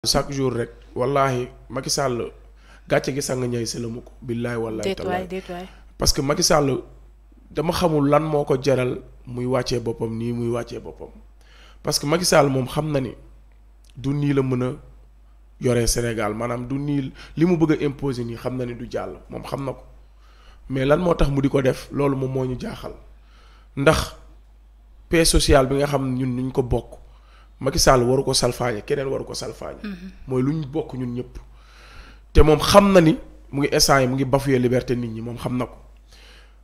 chaque jour rek wallahi Macky Sall gàcce gi sàng ñay sëlamu ko billaay wallaay tallaay parce que Macky Sall dama xamul lan moo ko jaral muy wàccee boppam nii muy wàccee boppam parce que Macky Sall moom xam na ni du nii la mën a yoree Sénégal maanaam du nii li mu bëgg a imposer nii xam na ni du jàll moom xam na ko mais lan moo tax mu di ko def loolu moom moo ñu jaaxal ndax paix sociale bi nga xam ñun nuñ ko bokk Macky Sall waru ko salfaañe keneen waru ko salfaañe mhm. mooy lu ñu bokk ñun ñëpp te moom xam na ni mu ngi instant mu ngi bafoué liberté nit ñi moom xam na ko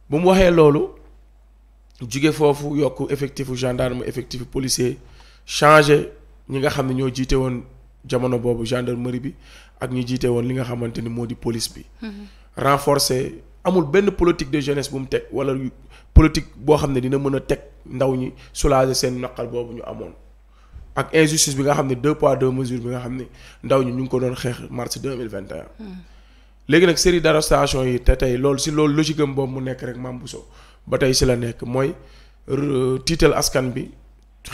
bu mu waxee loolu jige foofu yokk effectif gendarme effectif policier changé ñi nga xam ne ñoo jiite woon jamono boobu gendarmerie bi ak ñi jiite woon li nga xamante ni moo di police bi mhm. renforcé amul benn politique de jeunesse bu mu teg wala politique boo xam ne dina mën a teg ndaw ñi soulager seen naqar boobu ñu amoon ak injustice bi nga xam ne deux poids deux mesures bi nga xam ne ndaw ñi ñu ngi ko doon xeex mars deux mille vingt et un hmm. léegi nag série d'arrestation yi te tey lool si loolu logique am boobu mu nekk rek Mame Bousso ba tey si la nekk mooy tiital askan bi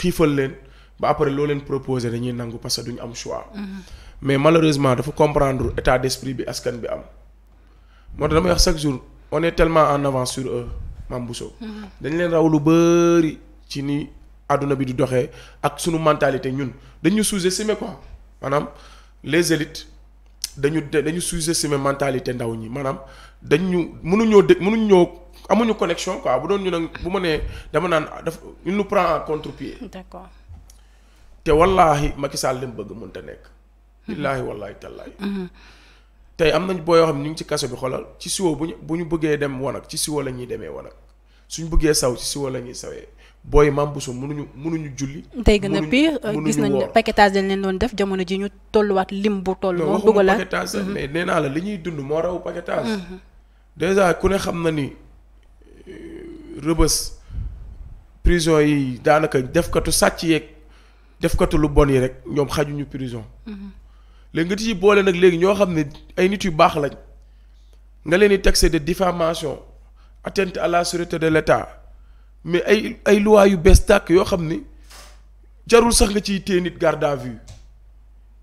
xiifal leen ba après lool leen proposé dañuy nangu parce que duñu am choix. Hmm. mais malheureusement dafa comprendre état d'esprit bi askan bi am. moo tax dama wax chaque jour on est en avance sur eux Mame Bousso. Hmm. dañ leen raw lu bëri ni. àdduna bi di doxee ak sunu mentalité ñun dañu sous-estimer ko maanaam les élites dañu de dañu sous-estimer mentalité ndaw ñi maanaam dañu mënuñoo dé mënuñoo amuñu connexion quoi bu doon ñu nag bu ma nee dama naan daf il nous prend en contre-pied. d'accord te wallaahi Macky Sall li mu bëgg mënta nekk. billaahi wallaahi tallaahi. Mm-hmm. tey am nañ boo yoo xam ne ñu ngi ci kaso bi xoolal ci siwo bu ñu bu ñu bëggee dem wanag ci siwo la ñuy demee wanag suñ bëggee saw ci siwo la ñuy booy Mame Bousso mënuñu mënuñu julli. tey gën a pire euh, gis nañ paquetage dañ leen doon def jamono ji ñu tolluwaat lim bu toll. moom dugalaat paquetage mhm. nee naa la li ñuy dund moo raw paquetage. Mhm. dèjà ku ne xam na ni euh, rëbës prison yi daanaka defkatu sàcc yeeg defkatu lu bon yi rek ñoom xajuñu prison. Mhm. léegi nga ci boole nag léegi ñoo xam ne ay nit yu baax lañ nga leen di taxé de diffamation atteinte à la sûreté de l'État. mais ay ay loi yu bees tàkk yoo xam ni jarul sax nga ci téye nit garde à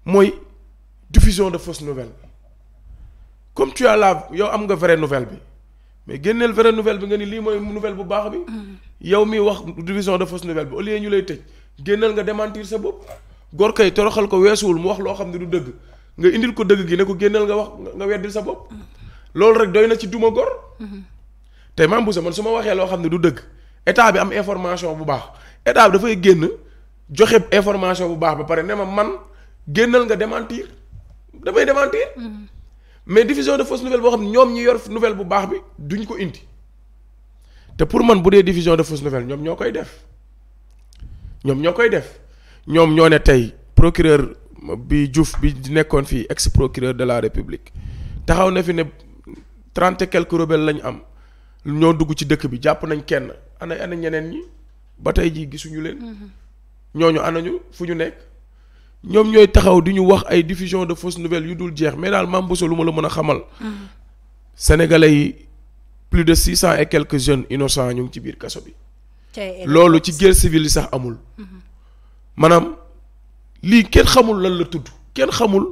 mooy diffusion de fausse nouvelle comme tu as yow am nga vraie nouvelle bi mais génneel vraie nouvelle bi nga ni lii mooy nouvelle bu baax bi mm. yow mi wax diffusion de fausse nouvelle bi au lieu ñu lay tëj génneel nga démentir sa bopp gor toroxal ko weesuwul mu wax loo xam ne du dëgg nga indil ko dëgg gi ne ko génneel nga wax nga weddil sa bopp mm. loolu rek doy na ci duma gor mm-hmm. tey maam bu sa man su ma waxee loo xam ne du dëgg état bi am information bu baax état bi dafay génn joxe information bu baax ba pare ne ma man génnal nga démentir damay démentir. Mm-hmm. mais diffusion de fausse nouvelle boo xam ne ñoom ñi yor nouvelle bu baax bi duñ ko indi te pour man bu dee diffusion de fausse nouvelle ñoom ñoo koy def ñoom ñoo koy def ñoom ñoo ne tey procureur bi Diouf bi di nekkoon fii ex procureur de la république taxaw na fi ne trente et quelques rebelles am ñoo dugg ci dëkk bi jàpp nañ kenn. ana ana ñeneen ñi ba tey jii gisuñu leen. Mm-hmm. ñooñu ñu fu ñu nekk. ñoom ñooy taxaw di ñu wax ay diffusion de fausses nouvelles yu dul jeex mais daal maam Bousso lu ma la mën a xamal. Mm-hmm. sénégalais yi plus de six cent et quelques jeunes innocents ñu ngi ci biir kaso bi. loolu ci guerre civile yi sax amul. Mm-hmm. maanaam lii kenn xamul lan la tudd kenn xamul.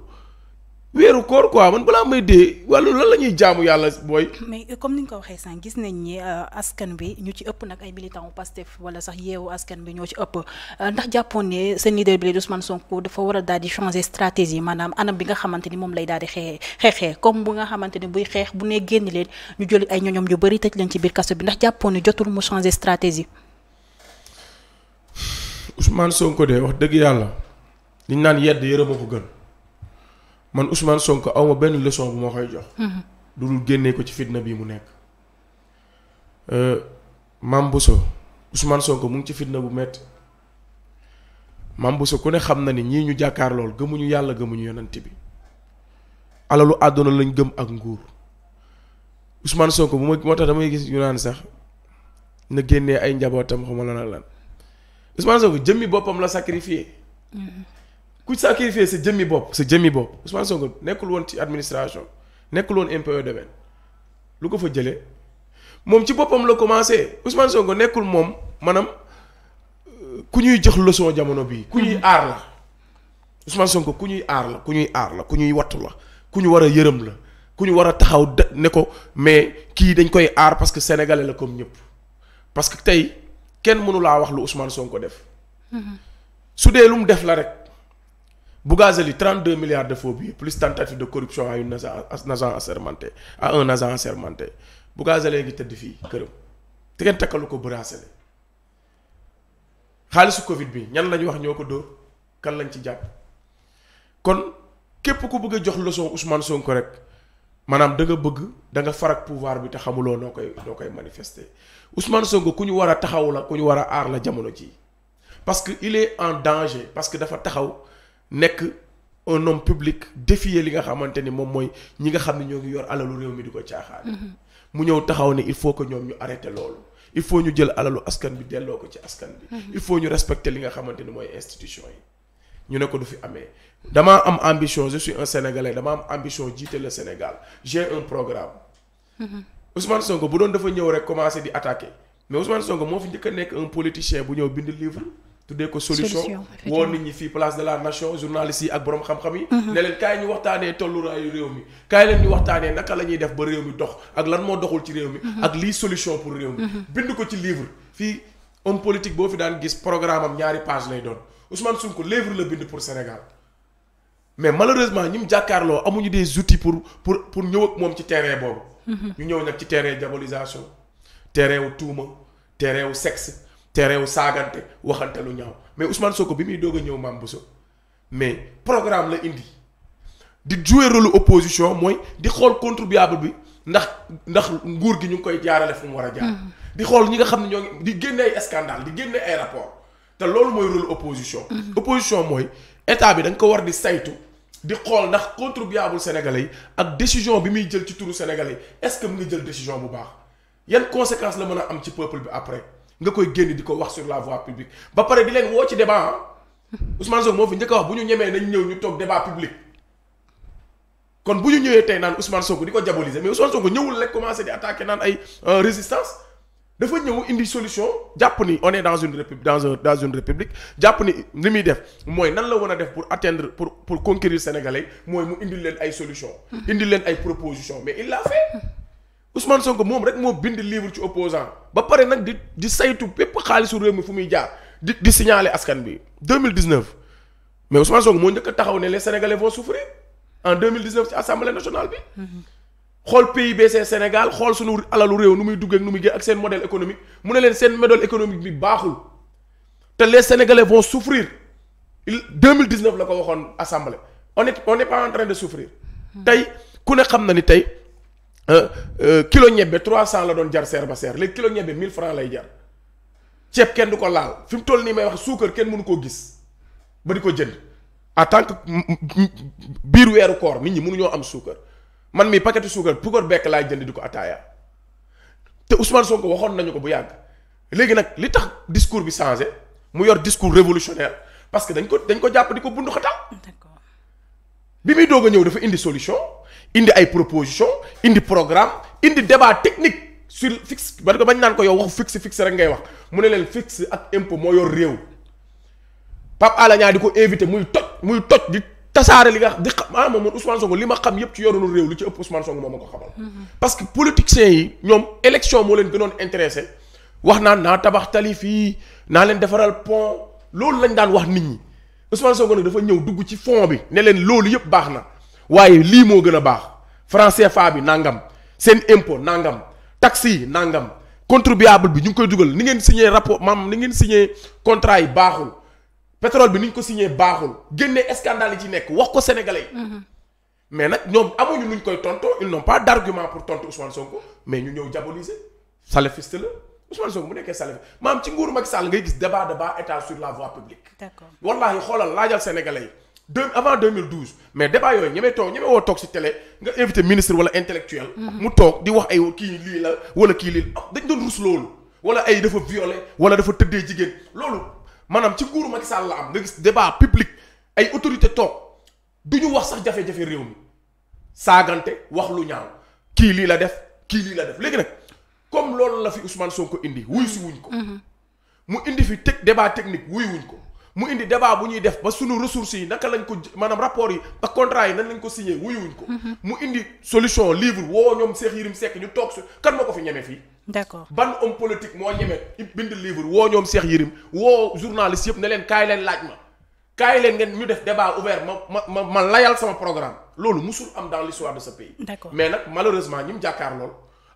weeru koor quoi man balaa may dee wàllu lan la ñuy yàlla booy. mais comme ni nga ko waxee san gis nañ ni euh, askan bi ñu ci ëpp nag ay militants Pastef wala sax yeewu askan bi ñoo ci ëpp euh, ndax jàppoon ne seen leader bi la Ousmane Sonko dafa war a daal di changer stratégie maanaam anam bi nga xamante ni moom lay daal di xee xeexee comme bu nga xamante ni buy xeex nee génn leen ñu jël ay ñoñom yu bëri tëj leen ci biir kaso bi ndax jàppoon ne jotul mu changer stratégie. Ousmane Sonko de wax dëgg yàlla liñ naan yedd yërëma ko gën. man Ousmane Sonko awma benn leçon bu ma koy jox. lu mhm. dul génnee ko ci fitna bii mu nekk. Euh, Mame Bousso Ousmane Sonko mu ngi ci fitna bu mett Mame ku ne xam na ni ñii ñu jàkkaar lool gëmuñu yàlla gëmuñu yonent bi alalu àdduna lañ gëm ak nguur Ousmane Sonko bu ma moo tax damay gis ñu naan sax na génnee ay njabootam xaw la lan lan Ousmane Sonko jëmmi boppam la sacrifié. Mhm. ku sacrifier sa jëmmi bopp sa jëmmi bopp Ousmane Sonko nekkul woon ci administration nekkul woon de domaine lu ko fa jëlee moom ci boppam la commencé Ousmane Sonko nekkul moom maanaam euh, ku ñuy jox leçon jamono bii. ku ñuy aar la Ousmane Sonko ku ñuy aar ku ñuy aar la ku ñuy wattu la ku ñu war a yërëm la ku ñu war a taxaw de ne ko mais kii dañ koy aar parce que sénégalais la comme ñëpp parce que tey kenn mënu wax lu Ousmane Sonko def. Mm-hmm. su dee lu mu def la rek. Bougazeli 32 milliards de faux billets plus tentative de corruption a une un agent assermenté à un agent assermenté lee ngi tëdd fii këram te ngeen takkalu ko bracelet xaalisu Covid bi ñan lañu wax ñoo ko dóor kan lañ ci jàpp kon képp ku bëgg a jox leçon Ousmane Sonko rek maanaam da bëgg da nga farak pouvoir bi te xamuloo noo koy noo koy manifester Ousmane ku ñu war a taxaw la ku ñu war a aar la jamono ji parce que il est en danger parce que dafa taxaw. nekk un homme public défier li nga xamante ni moom mooy ñi nga xam ne ñoo ngi yor alalu réew mi di ko caaxaan. Mm-hmm. mu ñëw taxaw ne il faut que ñoom ñu arrêté loolu. il faut ñu jël alalu askan bi delloo ko ci askan bi. Mm-hmm. il faut ñu respecter li nga xamante ni mooy institution yi. ñu ne ko du fi amee damaa am ambition je un sénégalais dama am ambition jiite le Sénégal j'ai un programme. Mm-hmm. Ousmane Sonko bu doon dafa ñëw rek commencer di attaquer mais Ousmane Sonko moo fi njëkk nekk un politicien bu ñëw bind livre. dee ko solution woo nit ñi fii place de la nation journaliste yi ak borom xam-xam yi. Mhm. ne leen kaay ñu waxtaanee tolluwaayu réew mi kaay leen ñu waxtaanee naka la ñuy def ba réew mi dox ak lan moo doxul ci réew mi. Mhm. ak lii solution pour réew mi. Mhm. bind ko ci livre fii homme politique boo fi daan gis programme am ñaari page lay doon Ousmane Sonko livre la bind pour Sénégal mais malheureusement ñi mu jàkkaarloo amuñu des outils pour pour pour ñëw moom ci terrain boobu. ñu ñëw nag ci terrain diabolisation terrain wu tuuma terrain wu sexe. terew saagante waxante lu ñaaw mais Ousmane Sonko bi muy doog a ñëw Mame Bousso mais programme la indi di jouer rôle opposition mooy di xool contribuable bi ndax ndax nguur gi ñu ngi koy jaarale fu mu war a jaar. Mm-hmm. di xool ñi nga xam ne ñoo ngi di génne ay scandale di génne ay rapport te loolu mooy rôle opposition. Mm-hmm. opposition mooy état bi da ko war di saytu. di xool ndax contribuable sénégalais yi ak décision bi muy jël ci turu sénégalais yi est-ce que mu ngi jël décision bu baax yan conséquences la mën a am ci peuple bi après. nga koy génn di ko wax sur la voie publique ba pare di leen woo ci débat ah. Ousmane Sonko moo fi njëkk wax bu ñu ñemee nañ ñëw ñu toog débat public kon bu ñu ñëwee tey naan Ousmane Sonko di ko diaboliser mais Ousmane Sonko ñëwul rek commencé di attaquer naan ay euh, résistance dafa ñëw indi solution jàpp ni on est dans une un dans une république jàpp ni li muy def mooy nan la war a def pour atteindre pour pour conquérir sénégalais mooy mu indi leen ay solution indi leen ay proposition mais il Ousmane Sonko moom rek moo bind livre ci opposant ba pare nag di di saytu bépp xaalisu réew mi fu muy jaar di di signaler askan bi 2019 mais Ousmane Sonko moo njëkk a taxaw ne les sénégalais vont souffrir en 2019 ci assemblée nationale bi. xool PIBC Sénégal xool sunu alalu réew nu muy duggee nu muy génn ak seen modèle économique mu ne leen seen modèle économique bi baaxul te les sénégalais vont souffrir il 2019 la ko waxoon on est on n'est pas en de souffrir. Euh, euh, kilo ñebbe 300 la doon jar seer ba seer léegi kilo ñebbe 1000 francs lay jar ceeb kenn du ko laal fi toll nii may wax suukar kenn mënu koo gis ba di ko jënd en tant que biir weeru koor nit ñi mënuñoo am suukar man mii paquetu suukar puukar bekk laay jënd ko ataaya te Ousmane Sonko waxoon nañu ko bu yàgg léegi nag li tax discours bi changé mu yor discours révolutionnaire parce que dañ ko dañ ko jàpp di ko bundu xatal bi muy doog a ñëw dafa indi solution indi ay proposition indi programme indi débat technique sur fixe parce que bañ naan ko yow waxu fixe fixe rek ngay wax mu ne leen fixe ak impôt moo yor réew Pape Alé Niang di ko invité muy toj muy toj di tasaare li nga xam di xam ah moom li ma xam yëpp ci yorunu réew li ci ëpp Ousmane Sonko moom ma ko xamal. Mm-hmm. parce que politiciens yi ñoom élection moo leen gënoon intéressé wax naan naa tabax tali fii naa leen defaral pont loolu lañ daan wax nit ñi Ousmane Sonko nag dafa ñëw dugg ci fond bi ne leen loolu yëpp baax na. waaye lii moo gën a baax franc CFA bi nangam seen impôt nangam taxe nangam contribuable bi ñu ngi koy dugal ni ngeen signé rappo maam ni ngeen signé contrat yi baaxul pétrole bi ni ñu ko signé baaxul génne scandale yi ci nekk wax ko sénégalais yi. Mhm. mais nag ñoom amuñu nuñ koy tontoo ils n'ont pas d'argument pour tontu Ousmane Sonko mais ñu ñëw diaboliser salafiste la Ousmane Sonko bu nekkee salafiste maam ci nguuru Macky Sall ngay gis débat débat état sur la voie publique. d'accord xoolal laajal sénégalais yi. deux avant 2012 mais débat yooyu ñemee toog ñemee woo toog si télé nga invité ministre wala intellectuel mhm. mu toog di wax ay kii lii la wala kii lii la dañ doon rus loolu wala ay dafa violé wala dafa tëddee jigéen loolu maanaam ci nguuru Macky Sall la am nga gis débat public ay autorité toog du ñu wax sax jafe-jafe réew mi saagante wax lu ñaaw kii lii la def kii lii la def léegi nag comme loolu la fi soo ko indi wuy si wuñ ko mhm. mu indi fi teg débat technique wuy wuñ ko mu indi débat bu ñuy def ba sunu ressources yi naka lañ ko maanaam rapport yi ak contrat yi nan lañ ko signé wuyuwuñ ko. Mhm. mu indi solution livre woo ñoom Cheikh Yérim sekk ñu toog su kan moo ko fi ñeme fii. d'accord ban homme politique moo ñeme bind livre woo ñoom Cheikh Yérim woo journaliste yëpp ne leen kaay leen laaj ma. kaay leen ngeen ñu def débat ouvert ma ma ma ma layal sama programme loolu musul am dans l'histoire de ce pays. d'accord mais nag malheureusement ñi mu jàkkaar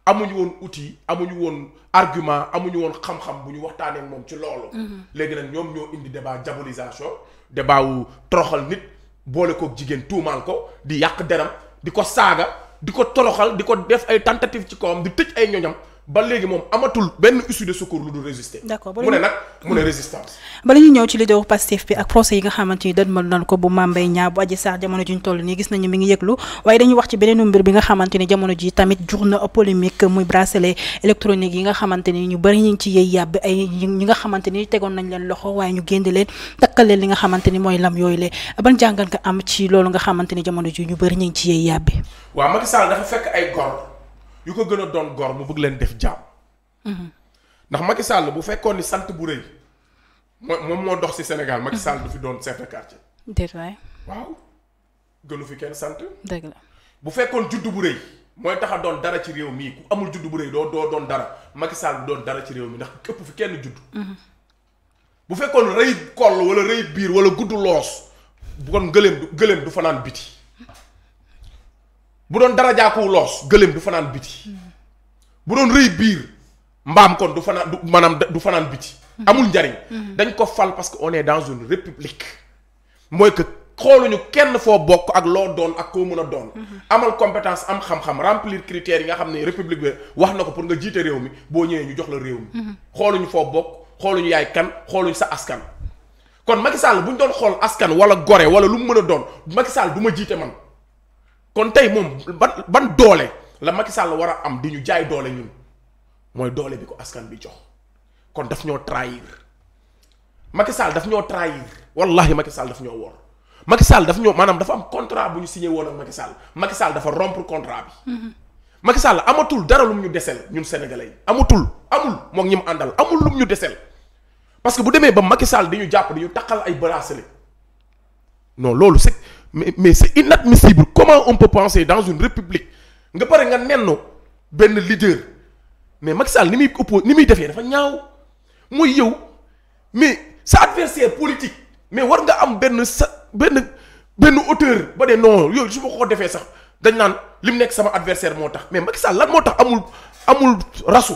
amuñu woon uti amuñu woon argument amuñu woon xam-xam bu ñu waxtaanee moom ci loolu. Mhm. léegi nag ñoom ñoo indi débat diabolisation débat wu toroxal nit boole kook jigéen tuumaal ko di yàq deram di ko saaga di ko toroxal di ko def ay tentative ci kawam di tëj ay ñoñam. ba léegi moom amatul benn issue de secours lu dul résister. d'accord mu ne nag mu ne résistance. Hmm. bala ñu ñëw ci leaderu Pastef bi ak procès yi nga xamante ni dënmal nañ ko bu Mame Mbaye Niang bu Adji Sarr jamono ji ñu toll mi ngi yëglu waaye dañuy wax ci beneen mbir bi nga xamante ni jamono ji tamit jur na polémique muy bracelet électronique yi nga xamante ni ñu bëri ñu ngi ci yëy yàbbi ay ñi nga ni tegoon nañ leen loxo waaye ñu génn leen takkal leen li nga xamante ni mooy lam yooyu le ban jàngal nga am ci loolu nga xamante ni jamono ji ñu bëri ñu ngi ci yëy yàbbi waaw dafa fekk ay gor yu ko gën a doon gor bu bëgg leen def jaam. ndax Macky Sall bu fekkoon ni sant bu rëy moom moo dox ci Sénégal Macky Sall du fi doon chef de quartier. déet waaw gënu fi kenn sant. bu fekkoon juddu bu rëy mooy tax a doon dara ci réew mii ku amul juddu bu rëy doo doo doon dara Macky Sall doon dara ci réew mi ndax képp fi kenn judd. bu fekkoon rëy koll wala rëy biir wala gudd loos bu kon gëleem du du fanaan biti. bu doon dara jaakuw loos gëléem du fanaan biti bu doon rëy biir mbaam kon du fanaan du maanaam du fanaan biti amul njariñ dañ ko fal parce que on est dans une république mooy que xooluñu kenn foo bokk ak loo doon ak koo mën a doon amal compétence am xam-xam remplir critères yi nga xam ne république bi wax na ko pour nga jiite réew mi boo ñëwee ñu jox la réew mi xooluñu foo bokk xooluñu yaay kan xooluñu sa askan kon Macky Sall bu ñu doon xool askan wala gore wala lu mu mën a doon Macky Sall du ma jiite man kon tey moom ba ban doole la Macky Sall war a am di ñu jaay doole ñun mooy doole bi ko askan bi jox kon daf ñoo trahir Macky Sall daf ñoo trahir wallahi Macky Sall daf ñoo wor Macky Sall daf ñoo maanaam dafa am contrat bu ñu signé woon ak Macky Sall Macky dafa rompre contrat bi. Mhm. Macky Sall amatul dara lum ñu desel ñun sénégalais yi amatul amul moom ñi mu àndal amul lum ñu desel parce que bu demee ba Macky Sall di ñu jàpp di ñu takkal ay bracelet non loolu c'est mais mais c'est inadmissible comment on peut penser dans une république nga pare nga nennu benn leader mais Macky Sall ni muy oppose ni muy defee dafa ñaaw mooy yow mais sa adversaire politique mais war nga am benn sa benn benn auteur ba de non yooyu su ma ko defee sax dañ naan li mu nekk sama adversaire moo tax mais Macky Sall lan moo tax amul amul rasu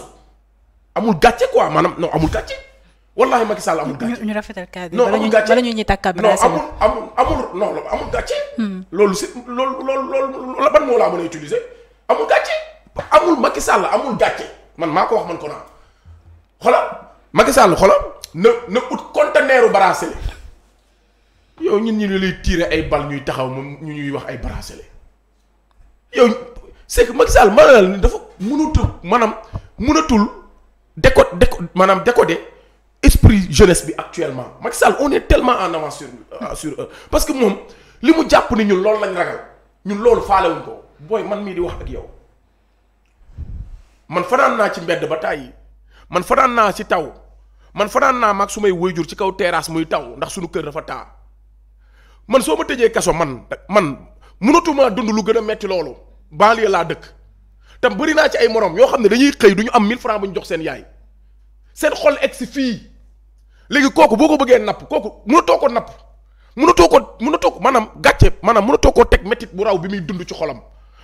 amul gàcce quoi maanaam non amul gàcce. wallahi Macky Sall amul gàcce. ñu rafetal cas bi bala ñu ñuy takk ab non amul amul amul non amul gàcce. Hmm. loolu si loolu loolu loolu ban moo laa mën a utiliser amul gàcce. amul Macky Sall amul gàcce man maa ko wax man ko naan xoolal Macky Sall xoolal na na ut conteneeru bracelet yow ñun ñu lay tiire ay bal ñuy taxaw moom ñu ñuy wax ay bracelet yow c'est que Macky Sall maanaam dafa mënatul maanaam munatul déco déco maanaam décoder. esprit jeunesse bi actuellement Macky Sall on est tellement en sur euh, parce que moom li mu jàpp ni ñun loolu lañ ragal ñun loolu faalewuñ ko booy man mii di wax ak yow man fanaan naa ci mbedd ba tàyyi man fanaan naa ci taw man fanaan naa mag su may waajur ci kaw terrasse muy taw ndax suñu kër dafa taa man soo ma tëjee kaso man man mënatuma dund lu gën a metti loolu banlieue laa dëkk tam bëri naa ci ay morom yoo xam ne dañuy xëy du ñu am 1000 francs bu ñu jox seen yaay seen xol egg fii léegi kooku boo ko bëggee napp kooku mënatoo ko napp mënatoo ko mënatoo ko maanaam gàcce maanaam mënatoo ko teg métit bu raw bi muy dund ci xolam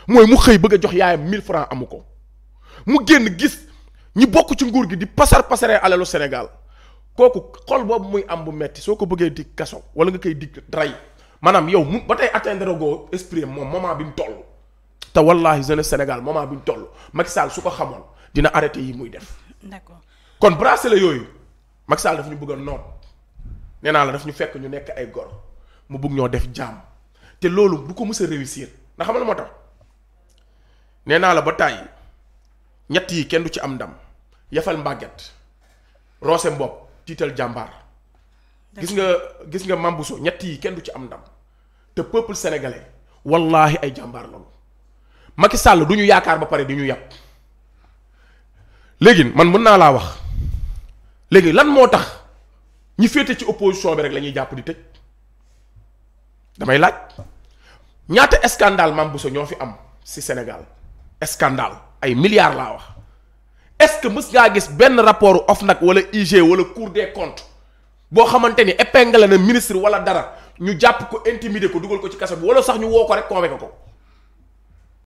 mooy mu xëy bëgg a jox yaayam 1000 francs amu ko mu génn gis ñi bokk ci nguur gi di pasar pasaree alalu Sénégal kooku xol boobu muy am bu metti soo ko bëggee di kaso wala nga koy dig rey maanaam yow mu ba tey atteindre goo esprit moom moment bi mu toll te wallahi jeunesse Sénégal moment bi mu toll Macky Sall su ko xamoon dina arrêté yi muy def. d'accord kon bracelet yooyu. Macky Sall ñu bëgg a noot nee naa la daf ñu fekk ñu nekk ay gor mu bëgg ñoo def jaam te loolu du ko mës a réussir ndax xam moo tax nee naa la ba tàyyi ñett yi kenn du ci am ndam yafal mbàgget roose mbopp tiital jàmbaar gis nga gis nga mambuso ñett yi kenn du ci am ndam te peuple sénégalais wallahi ay jàmbaar loolu Macky Sall du ñu yaakaar ba pare di ñu yàpp léegi man mën naa laa wax léegi lan moo tax ñi féete ci opposition bi rek la ñuy jàpp di tëj damay laaj ñaata scandale Mame Bousso ñoo fi am ci Sénégal scandale ay milliards laa wax est-ce que mës ngaa gis benn rapport nag wala IG wala Cour des comptes boo xamante ni épingle na ministre wala dara ñu jàpp ko intimider ko dugal ko ci kaso bi wala sax ñu woo ko rek convoqué ko